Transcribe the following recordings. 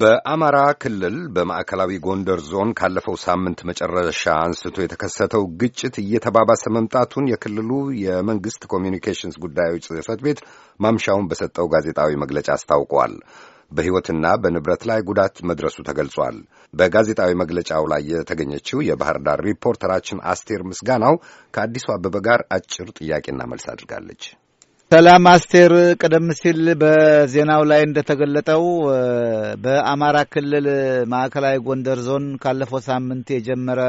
በአማራ ክልል በማዕከላዊ ጎንደር ዞን ካለፈው ሳምንት መጨረሻ አንስቶ የተከሰተው ግጭት እየተባባሰ መምጣቱን የክልሉ የመንግስት ኮሚኒኬሽንስ ጉዳዮች ጽህፈት ቤት ማምሻውን በሰጠው ጋዜጣዊ መግለጫ አስታውቋል። በሕይወትና በንብረት ላይ ጉዳት መድረሱ ተገልጿል። በጋዜጣዊ መግለጫው ላይ የተገኘችው የባህር ዳር ሪፖርተራችን አስቴር ምስጋናው ከአዲሱ አበበ ጋር አጭር ጥያቄና መልስ አድርጋለች። ሰላም አስቴር፣ ቀደም ሲል በዜናው ላይ እንደተገለጠው በአማራ ክልል ማዕከላዊ ጎንደር ዞን ካለፈው ሳምንት የጀመረ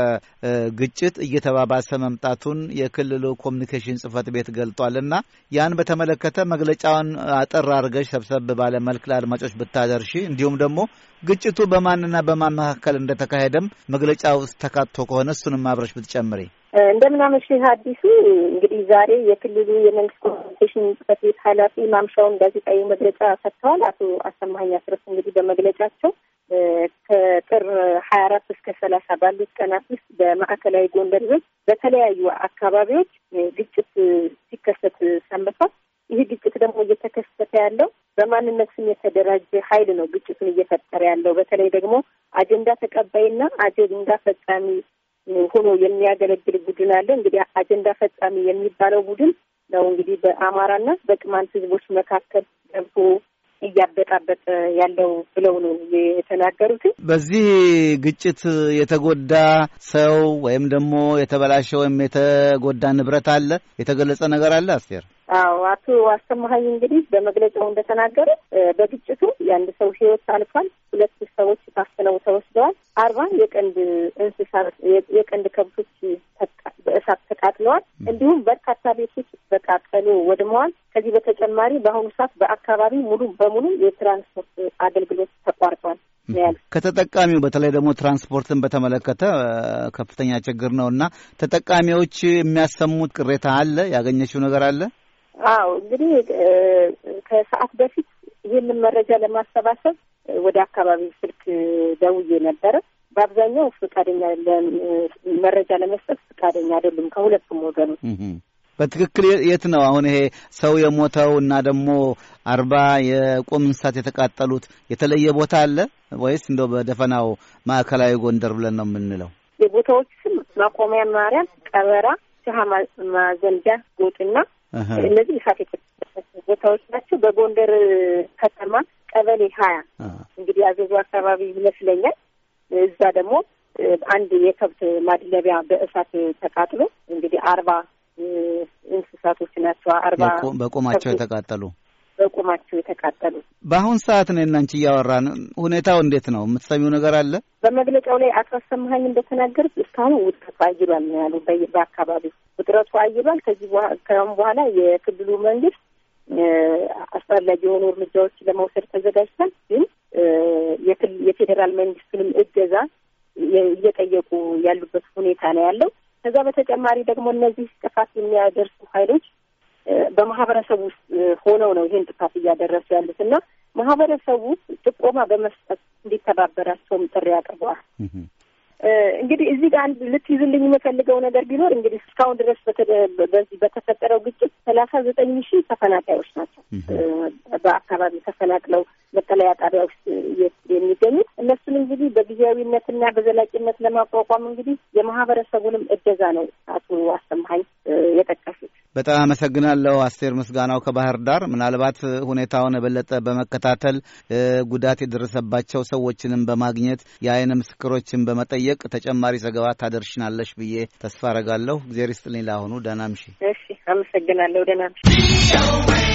ግጭት እየተባባሰ መምጣቱን የክልሉ ኮሚኒኬሽን ጽሕፈት ቤት ገልጧልና ያን በተመለከተ መግለጫውን አጠር አድርገሽ ሰብሰብ ባለ መልክ ለአድማጮች ብታደርሺ፣ እንዲሁም ደግሞ ግጭቱ በማንና በማን መካከል እንደተካሄደም መግለጫ ውስጥ ተካቶ ከሆነ እሱንም አብረሽ ብትጨምሬ። እንደምናመሽህ አዲሱ። እንግዲህ ዛሬ የክልሉ የመንግስት ኮሚኒኬሽን ጽሕፈት ቤት ኃላፊ ማምሻውን ጋዜጣዊ መግለጫ ሰጥተዋል። አቶ አሰማሀኝ አስረስ እንግዲህ በመግለጫቸው ከጥር ሀያ አራት እስከ ሰላሳ ባሉት ቀናት ውስጥ በማዕከላዊ ጎንደር ዞን በተለያዩ አካባቢዎች ግጭት ሲከሰት ሰንብቷል። ይህ ግጭት ደግሞ እየተከሰተ ያለው በማንነት ስም የተደራጀ ኃይል ነው ግጭቱን እየፈጠረ ያለው። በተለይ ደግሞ አጀንዳ ተቀባይና አጀንዳ ፈጻሚ ሆኖ የሚያገለግል ቡድን አለ። እንግዲህ አጀንዳ ፈጻሚ የሚባለው ቡድን ነው እንግዲህ በአማራና በቅማንት ህዝቦች መካከል ገብቶ እያበጣበጠ ያለው ብለው ነው የተናገሩት። በዚህ ግጭት የተጎዳ ሰው ወይም ደግሞ የተበላሸ ወይም የተጎዳ ንብረት አለ የተገለጸ ነገር አለ አስቴር? አዎ አቶ አሰማሀኝ እንግዲህ በመግለጫው እንደተናገረ በግጭቱ የአንድ ሰው ህይወት አልፏል። ሁለት ሰዎች ታፍነው ተወስደዋል። አርባ የቀንድ እንስሳት የቀንድ ከብቶች በእሳት ተቃጥለዋል። እንዲሁም በርካታ ቤቶች በቃጠሎ ወድመዋል። ከዚህ በተጨማሪ በአሁኑ ሰዓት በአካባቢ ሙሉ በሙሉ የትራንስፖርት አገልግሎት ተቋርጧል። ከተጠቃሚው በተለይ ደግሞ ትራንስፖርትን በተመለከተ ከፍተኛ ችግር ነው እና ተጠቃሚዎች የሚያሰሙት ቅሬታ አለ። ያገኘችው ነገር አለ አዎ እንግዲህ ከሰዓት በፊት ይህንን መረጃ ለማሰባሰብ ወደ አካባቢ ስልክ ደውዬ ነበረ። በአብዛኛው ፍቃደኛ መረጃ ለመስጠት ፍቃደኛ አይደሉም ከሁለቱም ወገኖች። በትክክል የት ነው አሁን ይሄ ሰው የሞተው እና ደግሞ አርባ የቁም እንስሳት የተቃጠሉት የተለየ ቦታ አለ ወይስ እንደው በደፈናው ማዕከላዊ ጎንደር ብለን ነው የምንለው? የቦታዎች ስም ማቆሚያ ማርያም፣ ቀበራ፣ ሻሃ ማዘንጃ፣ ጎጥና እነዚህ እሳት የተከሰተባቸው ቦታዎች ናቸው። በጎንደር ከተማ ቀበሌ ሀያ እንግዲህ አዘዙ አካባቢ ይመስለኛል። እዛ ደግሞ አንድ የከብት ማድለቢያ በእሳት ተቃጥሎ እንግዲህ አርባ እንስሳቶች ናቸው አርባ በቁማቸው የተቃጠሉ በቁማቸው የተቃጠሉ። በአሁን ሰዓት ነው እናንቺ እያወራን ሁኔታው እንዴት ነው? የምትሰሚው ነገር አለ? በመግለጫው ላይ አቶ አሰማሀኝ እንደተናገሩት እስካሁን ውጥረት አይሏል ነው ያሉ በአካባቢው ውጥረቱ አይሏል። ከዚህ ከም በኋላ የክልሉ መንግስት አስፈላጊ የሆኑ እርምጃዎች ለመውሰድ ተዘጋጅቷል። ግን የፌዴራል መንግስትንም እገዛ እየጠየቁ ያሉበት ሁኔታ ነው ያለው። ከዛ በተጨማሪ ደግሞ እነዚህ ጥፋት የሚያደርሱ ኃይሎች በማህበረሰቡ ውስጥ ሆነው ነው ይህን ጥፋት እያደረሱ ያሉት እና ማህበረሰቡ ጥቆማ በመስጠት እንዲተባበራቸውም ጥሪ አቅርበዋል። እንግዲህ እዚህ ጋር አንድ ልትይዝልኝ የምፈልገው ነገር ቢኖር እንግዲህ እስካሁን ድረስ በዚህ በተፈጠረው ግጭት ሰላሳ ዘጠኝ ሺህ ተፈናቃዮች ናቸው በአካባቢ ተፈናቅለው መጠለያ ጣቢያ ውስጥ የሚገኙት። እነሱን እንግዲህ በጊዜያዊነትና በዘላቂነት ለማቋቋም እንግዲህ የማህበረሰቡንም እገዛ ነው አቶ አሰማሀኝ የጠቀሱት። በጣም አመሰግናለሁ አስቴር ምስጋናው ከባህር ዳር። ምናልባት ሁኔታውን የበለጠ በመከታተል ጉዳት የደረሰባቸው ሰዎችንም በማግኘት የአይን ምስክሮችን በመጠየቅ ተጨማሪ ዘገባ ታደርሽናለሽ ብዬ ተስፋ አረጋለሁ። እግዜር ይስጥልኝ። ለአሁኑ ደህና ምሽ። እሺ፣ አመሰግናለሁ። ደህና